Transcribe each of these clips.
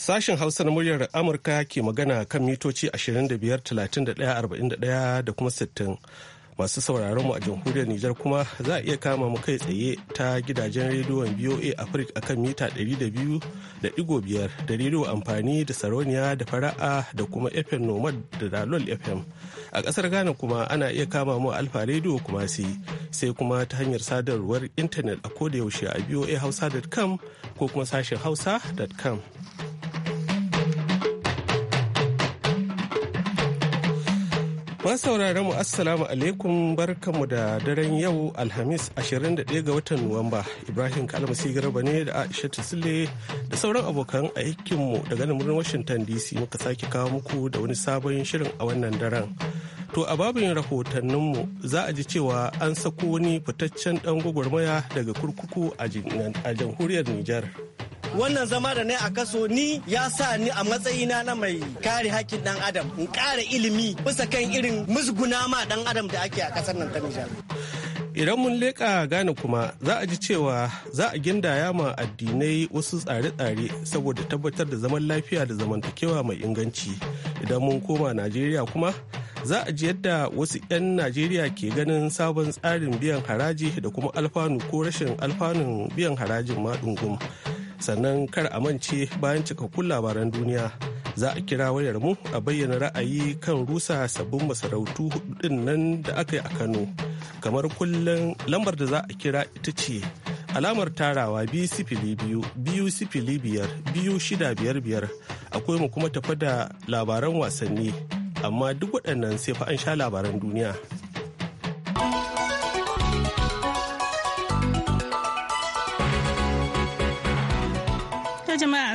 Sashen Hausa na muryar Amurka ke magana kan mitoci 25,31,41 da kuma 60. Masu sauraron mu a jamhuriyar Nijar kuma za a iya kama mu kai tsaye ta gidajen rediyon BOA Africa akan mita 200 da digo biyar da rediyo amfani da sarauniya da fara'a da kuma FM Nomad da Dalol FM. A ƙasar Ghana kuma ana iya kama mu Alfa rediyo kuma si sai kuma ta hanyar sadarwar intanet a yaushe a boahausa.com ko kuma sashen hausa.com. sauraron mu assalamu alaikum barkanmu da daren yau alhamis 21 ga watan nuwamba ibrahim kalmasi garba ne da aisha sule da sauran abokan aikinmu daga namurin washington dc muka sake kawo muku da wani sabon shirin a wannan daren to a babin rahotanninmu za a ji cewa an sako wani fitaccen dan gwagwarmaya daga kurkuku a jamhuriyar nijar wannan zama da na a kaso ni ya sa ni a matsayina na mai kare hakkin dan adam in kara ilimi bisa kan irin musguna ma dan adam da ake a kasar nan ta Nijar. Idan mun leka gane kuma za a ji cewa za a gindaya ma addinai wasu tsare-tsare saboda tabbatar da zaman lafiya da zamantakewa mai inganci. Idan mun koma Najeriya kuma za a ji yadda wasu 'yan Najeriya ke ganin sabon tsarin biyan haraji da kuma alfanu ko rashin alfanun biyan harajin ma sannan kar a mance bayan cikakkun labaran duniya za a kira wayar mu a bayyana ra'ayi kan rusa sabbin masarautu hudun nan da aka yi a kano kamar kullum lambar da za a kira ita ce alamar tarawa biyu sifili biyu biyu sifili biyar biyu shida biyar biyar akwai mu kuma tafa da labaran wasanni amma duk waɗannan sai fa an sha labaran duniya.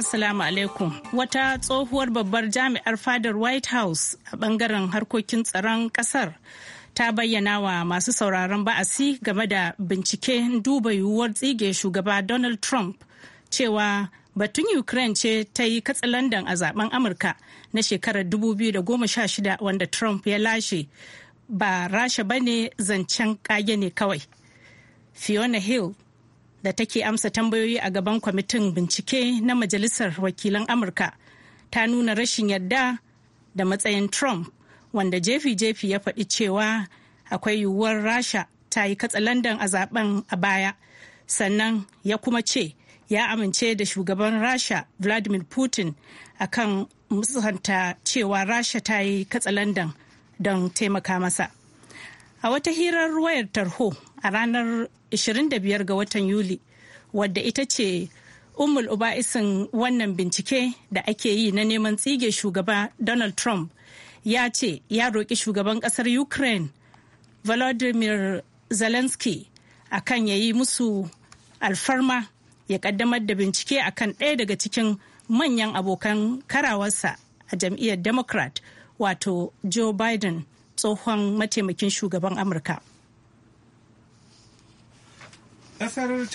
Assalamu alaikum. Wata tsohuwar babbar jami'ar fadar White House a bangaren harkokin tsaron kasar ta bayyana wa masu sauraron ba'asi game da bincike duba yiwuwar tsige shugaba Donald Trump cewa batun Ukraine ce ta yi katsalandan a zaben Amurka na shekarar 2016 wanda Trump ya lashe ba rasha bane zancen kage ne kawai. Fiona Hill da take amsa tambayoyi a gaban kwamitin bincike na Majalisar Wakilan Amurka ta nuna rashin yarda da matsayin Trump wanda jefi-jefi ya faɗi cewa akwai yiwuwar Rasha ta yi katsalandan a zaben a baya. Sannan ya kuma ce ya amince da shugaban Rasha Vladimir Putin akan musanta cewa Rasha ta yi katsalandan don taimaka masa. a wata hirar wayar tarho a ranar 25 ga watan yuli wadda ita ce umul uba'isin wannan bincike da ake yi na neman tsige shugaba donald trump ya ce ya roƙi shugaban ƙasar ukraine volodymyr zelensky kan ya yi musu alfarma ya ƙaddamar da bincike a kan ɗaya daga cikin manyan abokan karawarsa a jam'iyyar democrat wato joe biden tsohon mataimakin shugaban amurka kasar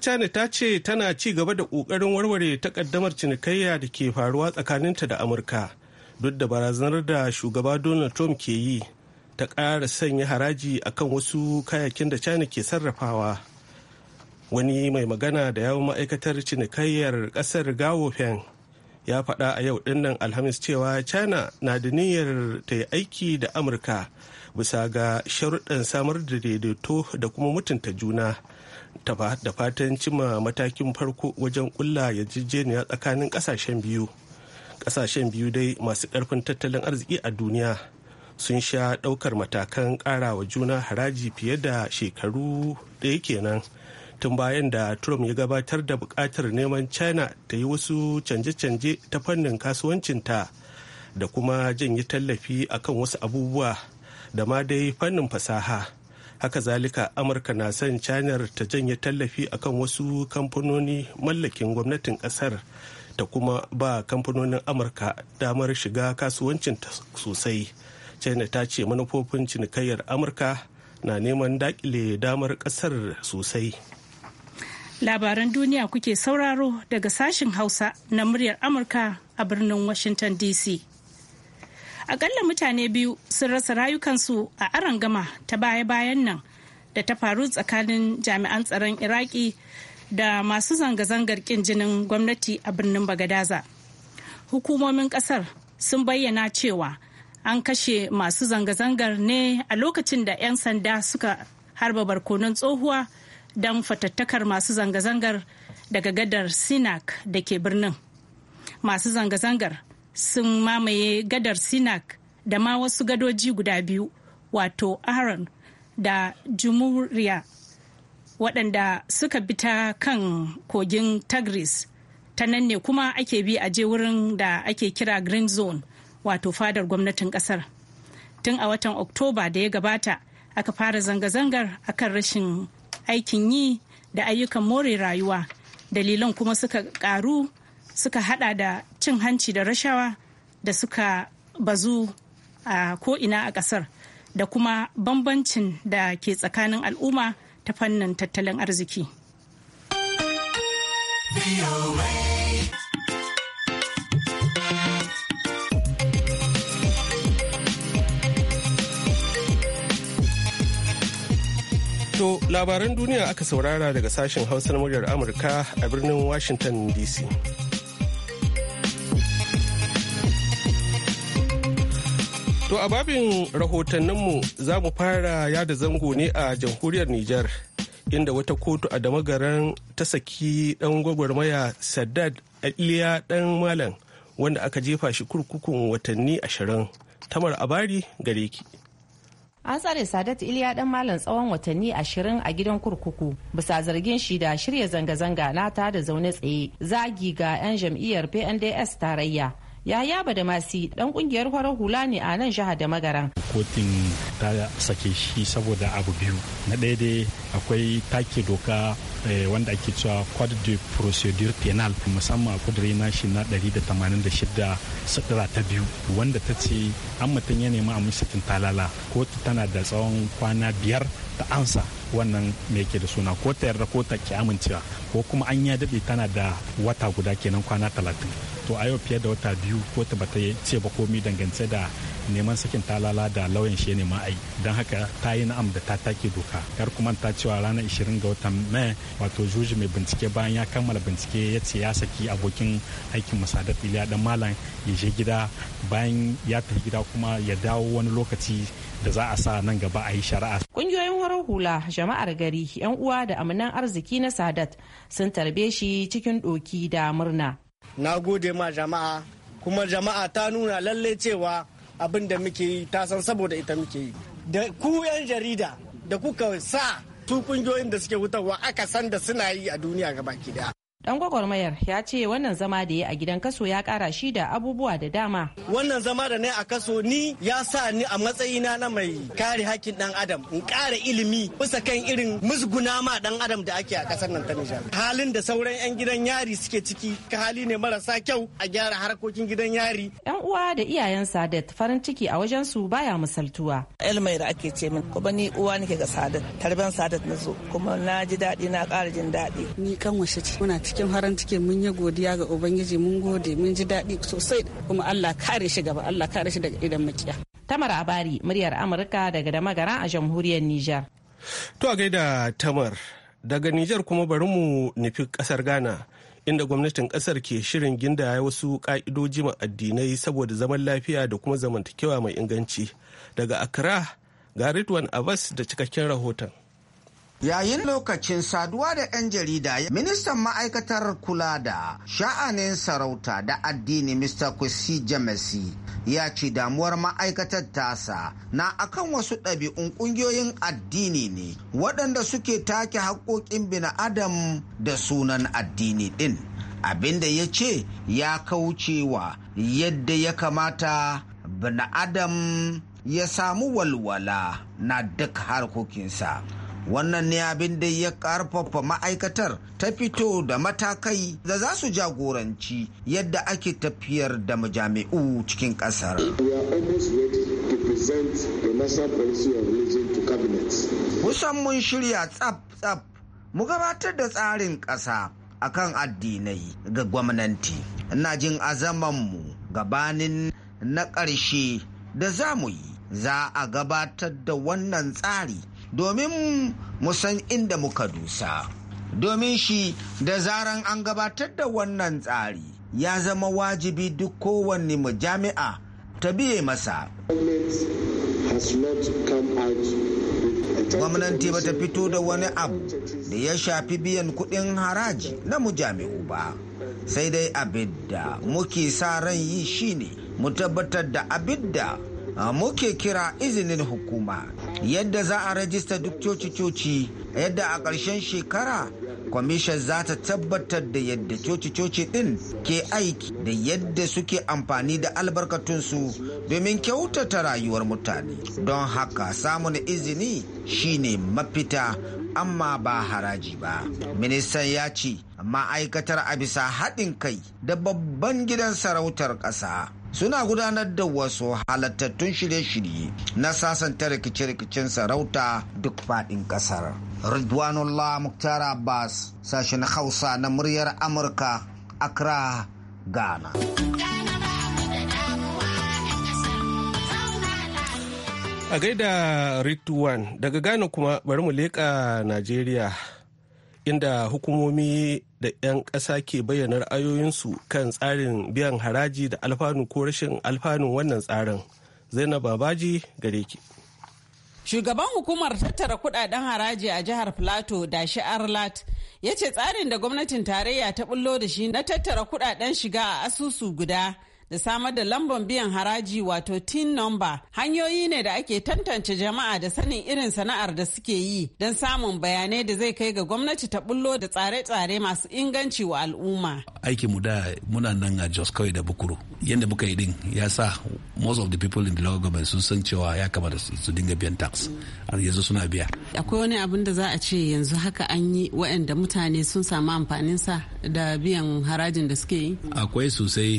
china ta ce tana ci gaba da kokarin warware takaddamar cinikayya da ke faruwa tsakaninta da amurka duk da barazanar da shugaba donald trump ke yi ta ƙara sanya haraji akan wasu kayakin da china ke sarrafawa wani mai magana da yawon ma'aikatar cinikayyar kasar gawo feng ya faɗa a yau dinnan alhamis cewa china na da niyyar ta yi aiki da amurka bisa ga sharuɗan samar da daidaito da kuma mutunta juna da fatan cima matakin farko wajen ƙulla yarjejeniya tsakanin ƙasashen biyu ƙasashen biyu dai masu ƙarfin tattalin arziki a duniya sun sha ɗaukar matakan ƙarawa juna haraji fiye da shekaru ɗaya kenan tun bayan da trump ya gabatar da bukatar neman china ta yi wasu canje-canje ta fannin kasuwancinta da kuma janye tallafi akan wasu abubuwa da ma dai fannin fasaha haka zalika amurka na son china ta janye tallafi akan wasu kamfanoni mallakin gwamnatin kasar ta kuma ba kamfanonin amurka damar shiga kasuwancinta sosai china ta ce manufofin cinikayyar amurka na neman dakile damar kasar sosai labaran duniya kuke sauraro daga sashen hausa na muryar amurka a birnin washington dc akalla mutane biyu sun rasa rayukansu a arangama ta baya-bayan nan da ta faru tsakanin jami'an tsaron iraki da masu zanga-zangar kin jinin gwamnati a birnin bagadaza hukumomin kasar sun bayyana cewa an kashe masu zanga-zangar ne a lokacin da 'yan sanda suka harba barkonon tsohuwa don fatattakar masu zanga-zangar daga gadar sinak da ke birnin masu zanga-zangar sun mamaye gadar sinak da ma wasu gadoji guda biyu wato aron da jumuriya waɗanda suka bi ta kan kogin tagris ta nan ne kuma ake bi a je wurin da ake kira green zone wato fadar gwamnatin ƙasar tun a watan oktoba da ya gabata aka fara zanga-zangar akan rashin aikin yi da ayyukan more rayuwa dalilan kuma suka karu suka hada da cin hanci da rashawa da suka bazu a ko'ina a kasar da kuma bambancin da ke tsakanin al'umma ta fannin tattalin arziki. To labaran duniya aka saurara daga sashen Hausa na muryar Amurka a birnin Washington DC. To a babin rahotanninmu za mu fara yada zango ne a jamhuriyar Nijar. inda wata kotu a damagaran ta saki dan gwagwarmaya saddad iliya dan malam wanda aka jefa shi kurkukun watanni ashirin tamar abari gare ki an tsare sadat iliya dan malam tsawon watanni ashirin a gidan kurkuku bisa zargin shi da shirya zanga-zanga na ta da zaune tsaye zagi ga 'yan jam'iyyar pnds tarayya yaya masi dan kungiyar kwarar hula ne a nan jihar da magaran kotun ta sake shi saboda abu biyu na ɗaya dai akwai take doka eh, wanda ake cewa code de procedure penal musamman a kudure na shi na 186 sadara ta biyu wanda ta ce an mutum ya nema a misatin talala kotu tana da tsawon kwana biyar ta ansa wannan me yake da suna ko ta yarda ko ta ki amincewa ko kuma an ya daɗe tana da wata guda kenan kwana talatin to a yau fiye da wata biyu ko ta bata ce ba komi dangance da neman sakin talala da lauyan shi ne ma'ai don haka ta yi na'am da ta take doka yar kuma ta cewa ranar 20 ga watan mai wato juji mai bincike bayan ya kammala bincike ya ce ya saki abokin aikin musadat iliya dan malam ya je gida bayan ya tafi gida kuma ya dawo wani lokaci da za a sa nan gaba a yi shari'a kungiyoyin horar hula jama'ar gari yan uwa da amanan arziki na sadat sun tarbe shi cikin doki da murna na gode ma jama'a kuma jama'a ta nuna lalle cewa abin da muke yi ta san saboda ita muke yi da ku 'yan jarida da kuka sa su kungiyoyin da suke wutarwa aka san da suna yi a duniya gabaki daya dan gwagwarmayar ya ce wannan zama da ya a gidan kaso ya kara shi da abubuwa da dama wannan zama da na a kaso ni ya sa ni a matsayina na mai kare hakkin dan adam in kara ilimi bisa kan irin musguna ma dan adam da ake a kasar nan ta nijar halin da sauran yan gidan yari suke ciki ka hali ne marasa kyau a gyara harkokin gidan yari yan uwa da iyayen sadat farin ciki a wajen su baya misaltuwa elmai da ake ce min kuma ni uwa nake ga sadat tarban sadat na zo kuma na ji daɗi na ƙara jin daɗi ni kan washe ce muna cikin farin ciki mun yi godiya ga ubangiji mun gode mun ji daɗi sosai kuma allah kare shi gaba allah kare shi daga idan makiya tamar abari muryar amurka daga da magara a jamhuriyar nijar to a gaida tamar daga nijar kuma bari mu nufi kasar ghana inda gwamnatin kasar ke shirin gindaya wasu ka'idoji addinai saboda zaman lafiya da kuma zamantakewa mai inganci daga accra ga ridwan abbas da cikakken rahoton Yayin lokacin saduwa da 'yan jarida, ministan ma'aikatar kula da sha'anin sarauta da addini Mr. Kwesi Jamesi ya ce damuwar ma'aikatar tasa na akan wasu ɗabi'un ƙungiyoyin addini ne waɗanda suke take haƙoƙin adam da sunan addini ɗin. Abinda ya ce ya kaucewa yadda ya kamata adam ya samu walwala na duk harkokinsa. wannan ne abin da ya karfafa ma'aikatar ta fito da matakai da za su jagoranci yadda ake tafiyar da majami'u cikin kasar kusan mun shirya tsaf-tsaf mu gabatar da tsarin ƙasa A kan addinai ga gwamnati na jin azamanmu gabanin na ƙarshe da za mu yi za a gabatar da wannan tsari domin mu san inda muka dusa domin shi da zaran an gabatar da wannan tsari ya zama wajibi duk kowanne mu jami'a ta biye masa gwamnati ba ta fito da wani abu da ya shafi biyan kuɗin haraji na mujami'u ba sai dai abin da muke sa ran yi shine mu tabbatar da abin da muke kira izinin hukuma yadda za a rajista duk coci-coci yadda a ƙarshen shekara kwamishin za ta tabbatar da yadda coci-coci ɗin ke aiki da yadda suke amfani da albarkatunsu domin kyautata rayuwar mutane don haka samun izini shine mafita amma ba haraji ba ministan ya ce ma'aikatar a bisa haɗin kai da babban gidan sarautar ƙasa suna gudanar da wasu halattattun shirye-shirye na sasanta rikice-rikicen sarauta duk faɗin ƙasar. Ridwanullah Mukhtar Abbas sashen Hausa na muryar Amurka Accra, Ghana. A gaida Ritwan daga Ghana kuma bari mu leƙa Najeriya. inda hukumomi da 'yan ƙasa ke bayyana ra'ayoyinsu kan tsarin biyan haraji da alfanu ko rashin alfanu wannan tsarin zainab babaji gare ki shugaban hukumar tattara kudaden haraji a jihar plateau da shi arlat ya ce tsarin da gwamnatin tarayya ta bullo da shi na tattara kudaden shiga a asusu guda da samar da lambar biyan haraji wato tin number hanyoyi ne da ake tantance jama'a da sanin irin sana'ar da suke yi don samun bayanai da zai kai ga gwamnati ta bullo da tsare-tsare masu inganci wa al'umma. Aiki mu da muna nan a Jos kawai da Bukuru. Yadda muka yi din ya sa most of the people in the local government sun san cewa ya kamata su dinga biyan tax. Har yanzu suna biya. Akwai wani abin da za a ce yanzu haka an yi waɗanda mutane sun samu amfanin sa da biyan harajin da suke yi? Akwai sosai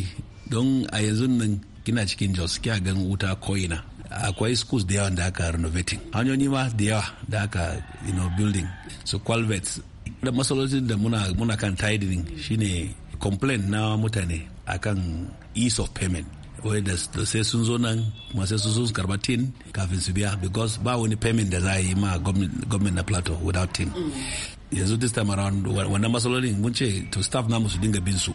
don a yanzu nan kina cikin jos kya gan wuta ko'ina akwai schools da yawa da aka renovating hanyoyi ma da yawa da aka you know, building so culverts da masalolin da muna, muna kan tidying shine complain na mutane akan ease of payment wai da sai sun zo nan kuma sai sun sun karba tin kafin su biya because ba wani payment da za a yi ma government na plateau without tin yanzu this time around wannan matsalolin mun ce to staff namu su dinga bin su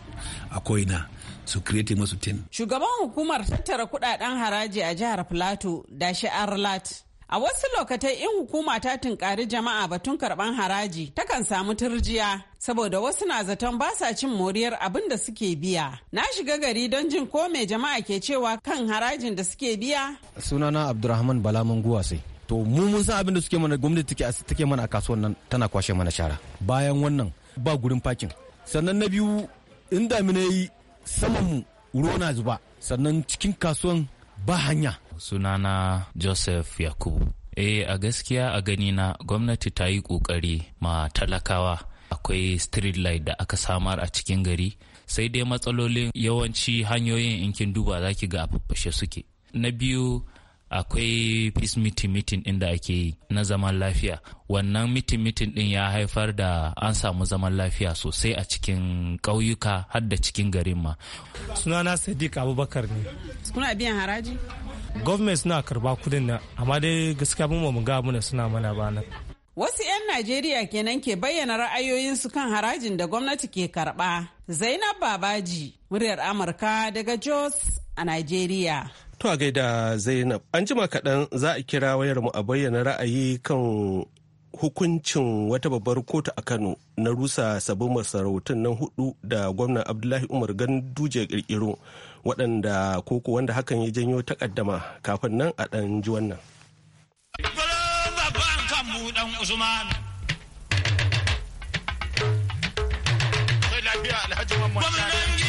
a koina su create masu team. Shugaban hukumar tattara kudaden haraji a jihar Plateau da shi lat A wasu lokatai in hukuma ta tunkari jama'a batun karban haraji takan samu turjiya saboda wasu na zaton ba sa cin moriyar abin da suke biya. Na shiga gari don jin ko mai jama'a ke cewa kan harajin da suke biya. Sunana Abdulrahman Bala Manguwa sai. to mu mun san abin da suke mana gwamnati take mana a nan tana kwashe mana shara bayan wannan ba gurin parking sannan na biyu in damina yi saman mu ruwa na zuba sannan cikin kasuwan ba hanya sunana joseph yakubu eh a gaskiya a gani na gwamnati ta yi kokari ma talakawa akwai street light da aka samar a cikin gari sai dai matsalolin yawanci hanyoyin in kin duba zaki ga a suke na biyu akwai peace meeting meeting ɗin da ake yi na zaman lafiya wannan meeting meeting ɗin ya haifar da an samu zaman lafiya sosai a cikin ƙauyuka har da cikin garin ma sunana sadiq abubakar ne kuna biyan haraji gwamnati suna karba kudin nan amma dai gaskiya mun mu ga muna suna mana ba nan Wasu 'yan Najeriya kenan ke bayyana ra'ayoyinsu kan harajin da gwamnati ke karɓa. Zainab Babaji, muryar Amurka daga Jos a Najeriya. To a gaida Zainab, an jima kaɗan za a kira wayar mu a bayyana ra'ayi kan hukuncin wata babbar kotu a Kano na rusa sabon masarautun nan hudu da gwamnan Abdullahi Umar Ganduje kirkiro waɗanda koko wanda hakan ya janyo takaddama kafin nan a ɗan ji wannan. Gwamnan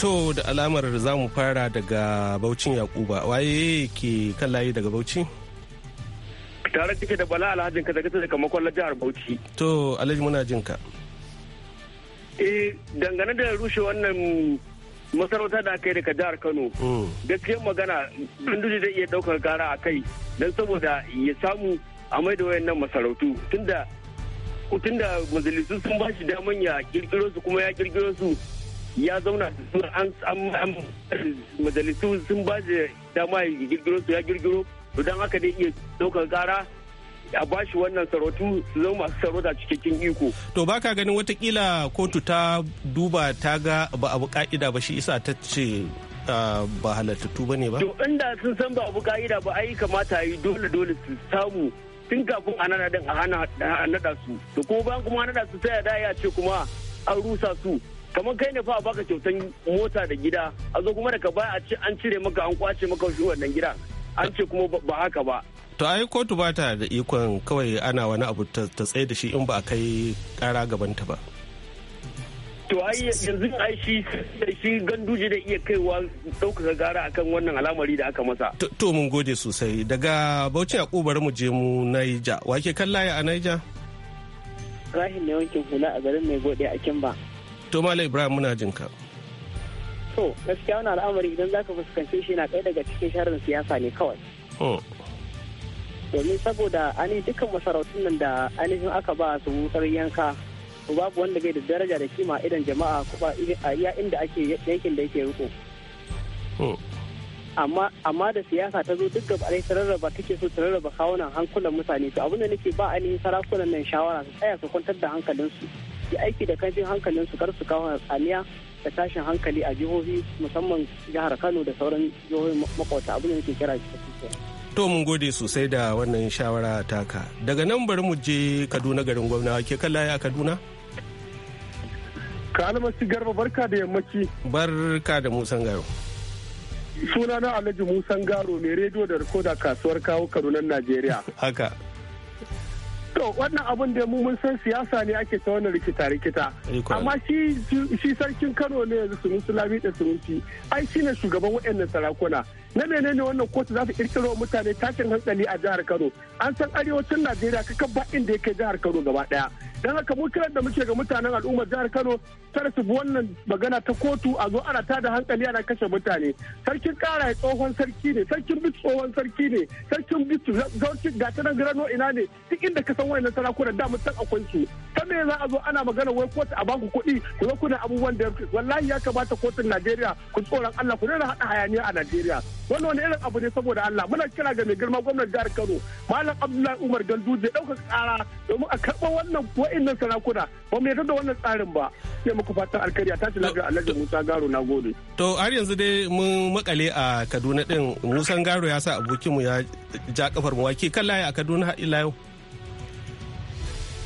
To da alamar za mu fara daga Baucin Yakuba. Waye ke kan layi daga Bauchi? Tare cike da Bala Alhajin ka daga daga makwallon jihar Bauchi. To Alhaji muna jin ka. Eh dangane da rushe wannan masarauta da aka yi daga jihar Kano. Mm. Gaskiyar magana Ganduje zai iya daukar gara a kai don saboda ya samu a mai da wayannan masarautu tunda tunda majalisu sun ba shi daman ya kirkiro su kuma ya kirkiro su ya zauna an majalisu sun ba da dama ya girgiro su ya girgiro to don haka dai iya ɗaukar gara a ba shi wannan sarautu su zama masu sarauta cikakken iko. To ba ka ganin watakila kotu ta duba ta ga ba abu ka'ida ba shi isa ta ce ah, ba halartattu ba ne ba? To inda sun san ba abu ka'ida ba ai kamata yi dole dole su samu tun kafin a nada din a hana su. To ko ba kuma naɗa su sai ya ce kuma an rusa su kamar kai ne fa a baka kyautan mota da gida a zo kuma daga baya a ce an cire maka an kwace maka shi wannan gida an ce kuma ba haka ba to ai kotu ba ta da ikon kawai ana wani abu ta tsaye da shi in ba a kai kara gabanta ba to ai yanzu ai shi shi ganduje da iya kaiwa ɗaukaka gara akan wannan al'amari da aka masa to mun gode sosai daga bauchi a kubar mu je mu naija wake kan a naija rahim ne wankin hula a garin mai gode a kimba to malam ibrahim muna jin ka to gaskiya wani al'amari idan zaka fuskance shi na ɗaya daga cikin sharin siyasa ne kawai oh. domin saboda ani dukkan masarautun nan da ainihin aka ba su wutar yanka babu wanda bai da daraja da kima idan jama'a kuma a iya inda ake yankin da yake riko oh. amma amma da siyasa ta zo duk gaba ɗaya ta rarraba take so ta rarraba kawunan hankulan mutane to abinda nake ba ainihin sarakunan nan shawara su tsaya su kwantar da hankalinsu yi aiki da kafin hankalin su kar su kawo hatsaniya da tashin hankali a jihohi musamman jihar kano da sauran jihohin makwata abin da yake kira to mun gode sosai da wannan shawara taka daga nan bari mu je kaduna garin gwamna ke kalla a kaduna ka ci garba barka da yammaci barka da musan garo sunana alhaji musan garo mai rediyo da rikoda kasuwar kawo kadunan najeriya haka To wannan abun da mu mun san siyasa ne ake ta wannan rikita-rikita. Amma shi sarkin Kano ne yanzu sunusi da sunusi ai shi ne shugaban waɗannan sarakuna. na ne wannan kotu za su kirkiro mutane tashin hankali a jihar kano an san arewacin najeriya kaka ba inda yake jihar kano gaba daya don haka mu kiran da muke ga mutanen al'ummar jihar kano kada su bi wannan magana ta kotu a zo ana da hankali ana kashe mutane sarkin kara ya tsohon sarki ne sarkin bit tsohon sarki ne sarkin bit zauki ga ta nan ina ne duk inda ka san wayannan sarakuna da mutan akwai su ta me za a zo ana magana wai kotu a baku kuɗi ku zo kuna abubuwan da wallahi ya kamata kotun najeriya ku tsoron allah ku rera haɗa hayaniya a najeriya wannan wani irin abu ne saboda Allah muna kira ga mai girma gwamnan jihar Kano Malam Abdullahi Umar zai ɗaukar tsara domin a karba wannan wa'innan sarakuna ba mu yarda da wannan tsarin ba sai muku fatan alkariya ta ci lafiya Alhaji Musa Garo na gode. To har yanzu dai mun makale a Kaduna din Musa Garo ya sa abokinmu ya ja kafar mu wake kallaye a Kaduna har ila yau.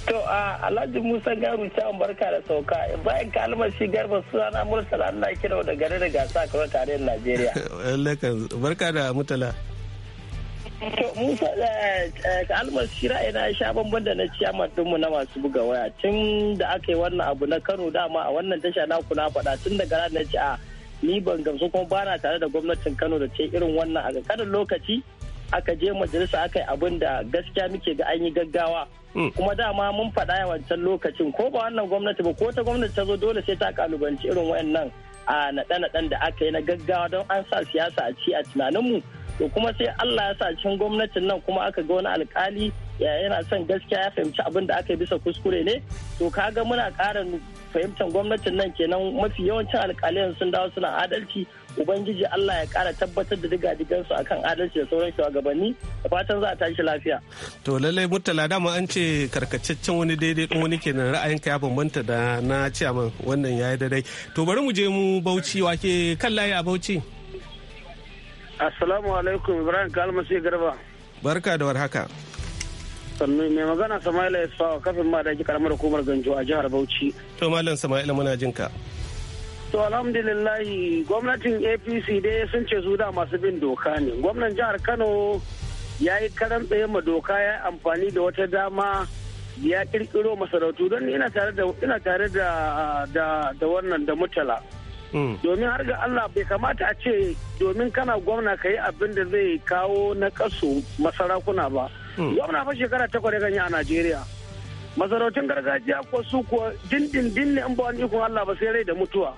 To a Alhaji Musa Garu ta barka da sauka bayan kalmar shi garba sunana Murtala Allah kira da gare da gasa kawai tarihin Najeriya. Barka da Murtala. To Musa eh, eh, kalmar shi ra'ayi ya sha bamban da na ciyaman dinmu na masu buga waya tun da aka yi wannan abu na Kano dama a wannan tasha na kuna faɗa tun daga ranar na ci a ni ban gamsu kuma ba na tare da gwamnatin Kano da ce irin wannan a kada lokaci aka je majalisa aka yi abin da gaskiya muke ga an yi gaggawa hmm. kuma dama mun faɗa a wancan lokacin ko ba wannan gwamnati ba ko ta gwamnati ta zo dole sai ta kalubanci irin wayannan a naɗe-naɗen da aka yi na gaggawa don an sa siyasa a ci a tunanin mu to kuma sai Allah ya sa cikin gwamnatin nan kuma aka ga wani alkali yana son gaskiya ya fahimci abin da aka yi bisa kuskure ne to kaga muna ƙara fahimtar gwamnatin nan kenan mafi yawancin alkaliyan sun dawo suna adalci ubangiji Allah ya kara tabbatar da digadigansu akan adalci da sauran shugabanni da fatan za a tashi lafiya to lallai murtala dama an ce karkataccen wani daidai ɗin wani kenan ra'ayinka ya bambanta da na ciyaman wannan yayi daidai to bari mu je mu bauchi wake kan layi a bauchi assalamu alaikum ibrahim kalmasi garba barka da warhaka sannu mai magana samaila ya fawa kafin ma da karamar hukumar ganjo a jihar bauchi to malam samaila muna jinka To alhamdulillahi gwamnatin APC dai sun ce su da masu bin doka ne. Gwamnan jihar Kano ya yi karan tsaye ma doka ya amfani da wata dama ya kirkiro masarautu don ina tare da ina tare da da wannan da mutala. Hmm. Domin har ga Allah bai kamata a ce domin kana gwamna ka yi abin da zai kawo na kasu masarakuna ba. Hmm. Gwamna fa shekara takwas ya a Najeriya. Masarautun gargajiya ko su ko dindindin ne in ba wani ikon Allah ba sai rai da mutuwa.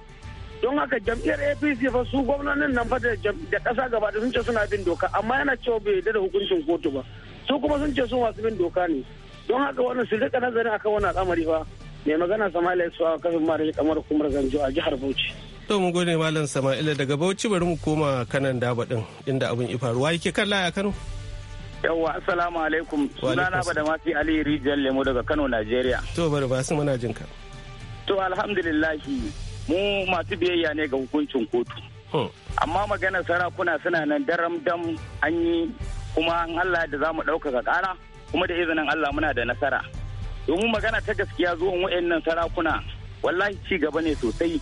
don haka jam'iyyar apc fa su gwamnanin nan fa da ƙasa gaba da sun ce suna bin doka amma yana cewa bai yarda da hukuncin kotu ba su kuma sun ce sun wasu bin doka ne don haka wannan su rika nazarin akan wannan al'amari fa mai magana sama'ila ya suwa kafin mara kamar kumar zanjo a jihar bauchi. to mu gode malam sama'ila daga bauchi bari mu koma kanan daba din inda abin ya faruwa yake kan laya kano. yawwa assalamu alaikum sunana ba da mafi ali rijiyar lemo daga kano nigeria. to bari ba su muna jinka. to alhamdulillahi mu masu biyayya ne ga hukuncin kotu oh. amma maganar sarakuna suna nan daram dam an yi kuma an Allah da za mu ɗaukaka ƙara kuma da izinin Allah muna da nasara domin magana ta gaskiya zuwan wa'annan sarakuna wallahi ci gaba ne sosai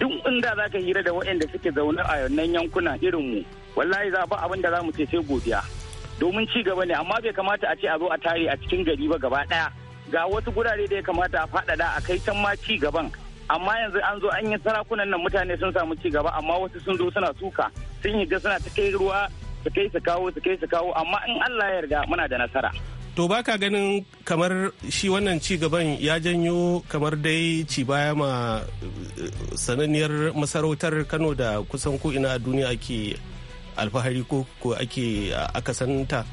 duk inda za ka hira da wa'anda suke zaune a nan yankuna irin mu wallahi za ba abin da za mu ce sai godiya domin ci gaba ne amma bai kamata a ce a zo a tare a cikin gari ba gaba ɗaya ga wasu gurare da ya kamata a faɗaɗa a kai can ma ci gaban amma yanzu an zo an yi sarakunan nan mutane sun samu ci gaba amma wasu sun zo suna suka sun yi suna ta kai ruwa su kai su kawo su kai su kawo amma in Allah ya yarda muna da nasara to baka ganin kamar shi wannan ci gaban ya janyo kamar dai ci baya ma eh, sananniyar masarautar Kano da kusan ko ina a duniya ake alfahari ko ake akasanta.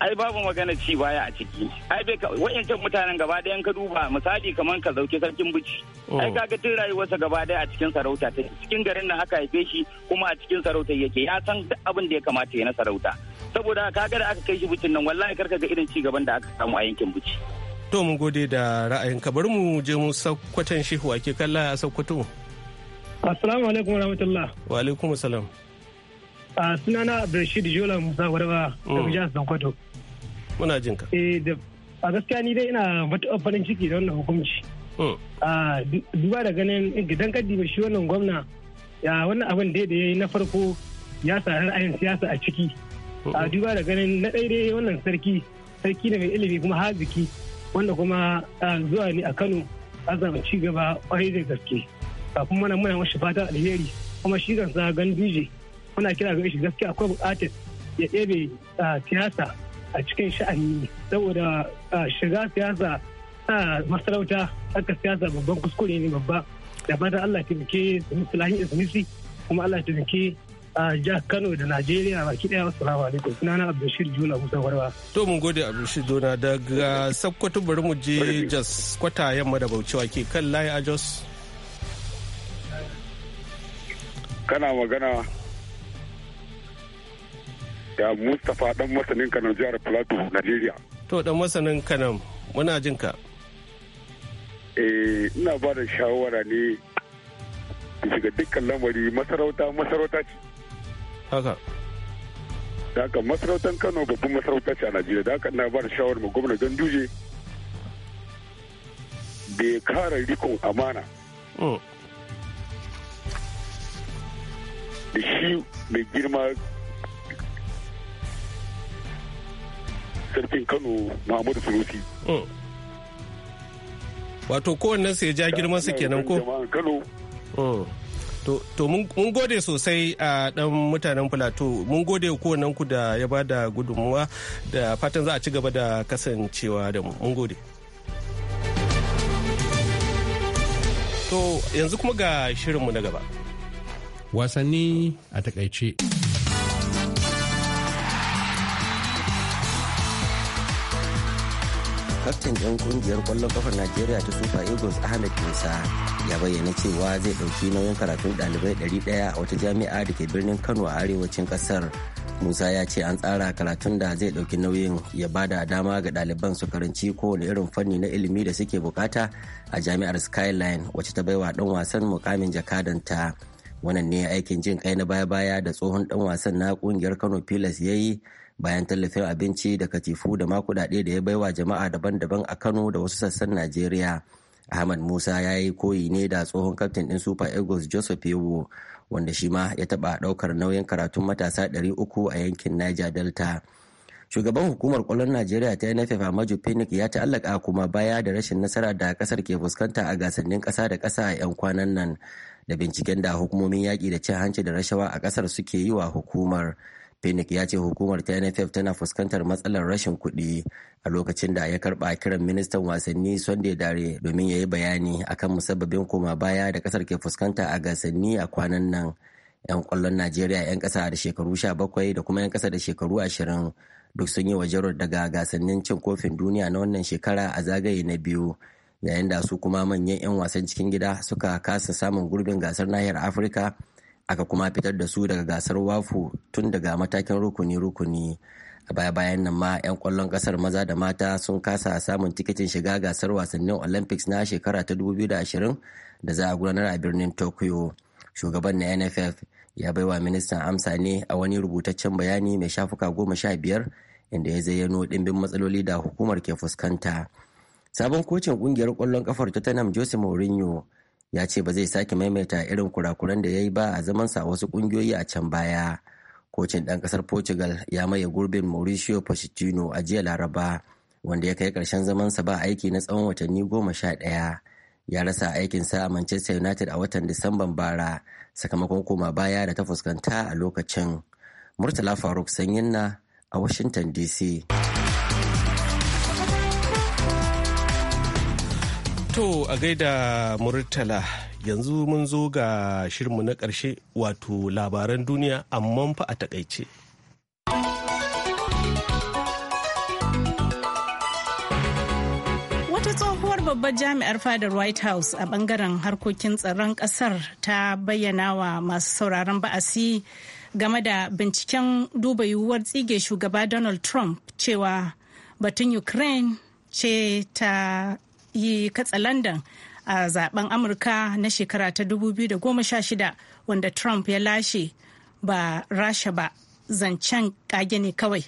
ai babu magana ci baya a ciki ai bai wa'yancan mutanen gaba ɗayan ka duba misali kamar ka zauke sarkin buci. Oh. ai kaga tun rayuwarsa gaba ɗaya a cikin sarauta ta cikin garin nan aka haife shi kuma a cikin sarauta yake ya san duk abin da ya kamata ya na sarauta saboda kaga da aka kai shi bicin nan wallahi karka ga irin ci gaban da aka samu a yankin buci? to mun gode da ra'ayin ka bari mu je mu sakkwatan shehu ake kalla a sakkwato assalamu alaikum wa alaikum assalam A sunana Abdulrashid Jola Musa Gwarba daga mm. jihar Sokoto. Muna jin ka. Eh da a gaskiya ni dai ina matuƙar farin ciki da wannan hukunci. Mm. A duba da ganin gidan kaddi ba shi wannan gwamna ya wannan abin da ya na farko ya sa ra'ayin siyasa a ciki. A duba da ganin na daidai wannan sarki sarki da mai ilimi kuma haziki wanda kuma zuwa ne a Kano a zama ci gaba kwarai da gaske. Kafin mana muna mashi fata alheri kuma shi kansa gan duje. muna kira ga shi gaskiya akwai buƙatar ya ɗebe siyasa a cikin sha'ani saboda shiga siyasa a masarauta haka siyasa babban kuskure ne babba da fatan Allah ta taimake Islahi Ismisi kuma Allah taimake a jihar Kano da Najeriya baki ɗaya daya assalamu alaikum sunana Abdulshir Juna Musa Warwa to mun gode Abdulshir Juna daga Sokoto bari mu je Jos kwata yamma da Bauchi ke kan layi a Jos kana magana ya Mustapha dan masanin kanan jihar Plateau, Najeriya. To dan masanin kanan muna jin ka. Eh ina ba da shawara ne shiga dukkan lamari masarauta masarauta ce. Haka. Da haka masarautar Kano babban masarauta ce a Najeriya da haka ina ba da shawara ma gwamna Ganduje da ya kara rikon amana. Mm. Da shi mai girma sarkin kano muhammadu sunusi hmm. wato kowanne su ya ja girman su kenan ko hmm. to mun gode sosai a dan mutanen plateau mun gode kowannen ku da ya ba da gudunmuwa da fatan za a ci gaba da kasancewa da mu mun gode to yanzu kuma ga shirinmu na gaba wasanni a takaice kaftin ɗin kungiyar ƙwallon kafar Najeriya ta Super Eagles Ahmed Musa ya bayyana cewa zai ɗauki nauyin karatun ɗalibai 100 a wata jami'a da ke birnin Kano a arewacin ƙasar. Musa ya ce an tsara karatun da zai ɗauki nauyin ya bada dama ga ɗaliban su karanci kowane irin fanni na ilimi da suke bukata a jami'ar Skyline wacce ta baiwa ɗan wasan mukamin jakadanta. Wannan ne aikin jin kai na baya-baya da tsohon ɗan wasan na ƙungiyar Kano Pilas ya yi bayan tallafin abinci da katifu da makudade da ya baiwa jama'a daban-daban a Kano da wasu sassan Najeriya. Ahmad Musa ya yi koyi ne da tsohon kaftin din Super Eagles Joseph Ewo wanda shi ma ya taɓa ɗaukar nauyin karatun matasa 300 a yankin Niger Delta. Shugaban hukumar kwallon Najeriya ta NFF Amaju Pinnick ya ta'allaka kuma baya da rashin nasara da kasar ke fuskanta a gasannin ƙasa da ƙasa a 'yan kwanan nan da binciken da hukumomin yaƙi da cin hanci da rashawa a ƙasar suke yi wa hukumar. Pinnick ya ce hukumar ta NFF tana fuskantar matsalar rashin kuɗi a lokacin da ya karɓa kiran ministan wasanni Sunday Dare domin ya yi bayani akan musabbabin koma baya da ƙasar ke fuskanta a gasanni a kwanan nan. 'Yan kwallon Najeriya 'yan ƙasa da shekaru 17 da kuma 'yan ƙasa da shekaru ashirin duk sun yi wa daga gasannin cin kofin duniya na wannan shekara a zagaye na biyu. Yayin da su kuma manyan 'yan wasan cikin gida suka kasa samun gurbin gasar nahiyar Afirka aka kuma fitar da su daga gasar wafu tun daga matakin rukuni-rukuni a baya bayan nan ma 'yan kwallon kasar maza da mata sun kasa samun tikitin shiga gasar wasannin olympics na shekara ta 2020 da za a gudanar a birnin tokyo shugaban na nff ya baiwa ministan amsa ne a wani rubutaccen bayani mai shafuka goma sha biyar inda ya zayyano dimbin matsaloli da hukumar ke fuskanta sabon kocin kungiyar kwallon kafar tottenham jose mourinho ya ce ba zai sake maimaita irin kurakuran da ya yi ba a zamansa wasu kungiyoyi a can baya kocin ɗan ƙasar portugal ya maye gurbin mauricio pochettino a jiya laraba wanda ya kai ƙarshen zamansa ba aiki na tsawon watanni goma sha ɗaya ya rasa aikinsa a manchester united a watan disamban bara sakamakon koma baya da ta fuskanta a lokacin murtala faruk sanyin na a washington dc To a gaida Murtala yanzu mun zo ga shirinmu na ƙarshe wato labaran duniya amma fa a takaice. Wata tsohuwar babbar jami'ar fadar White House a bangaren harkokin tsaron ƙasar ta bayyana wa masu sauraron ba'asi game da binciken duba yiwuwar tsige shugaba Donald Trump cewa batun Ukraine ce ta yi landan a zaben amurka na shekara ta 2016 wanda trump ya lashe ba rasha ba zancen kage ne kawai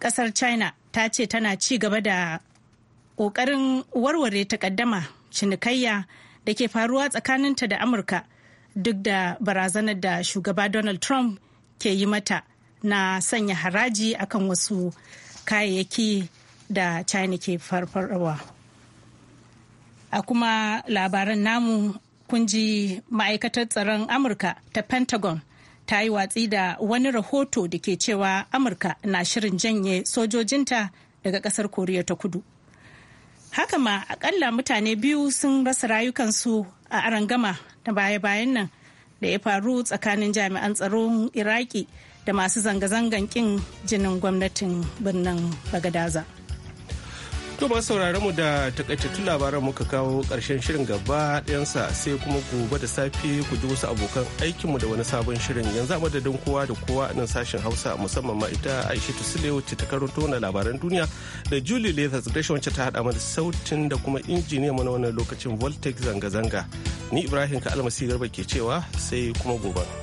kasar china ta ce tana ci gaba da kokarin warware takaddama cinikayya da ke faruwa tsakaninta da amurka duk da barazanar da shugaba donald trump ke yi mata na sanya haraji akan wasu kayayyaki da china ke farfarwa a kuma labaran namu kun ma'aikatar tsaron amurka ta pentagon ta yi watsi da wani rahoto da ke cewa amurka na shirin janye sojojinta daga kasar koriya ta kudu haka ma akalla mutane biyu sun rasa rayukansu a arangama da baya-bayan nan da ya faru tsakanin jami'an tsaron iraki da masu zanga-zangan kin jinin gwamnatin birnin bagadaza. To ba sauraron mu da takaitattun labaran muka kawo ƙarshen shirin gaba ɗayansa sai kuma gobe da safe ku ji wasu abokan aikinmu da wani sabon shirin yanzu a madadin kowa da kowa a nan sashen Hausa musamman ma ita Aisha Tusile wacce ta karanto na labaran duniya da Julie da shi wacce ta haɗa mana sautin da kuma injiniya mana wannan lokacin voltex zanga-zanga. Ni Ibrahim Ka Almasi Garba ke cewa sai kuma gobe.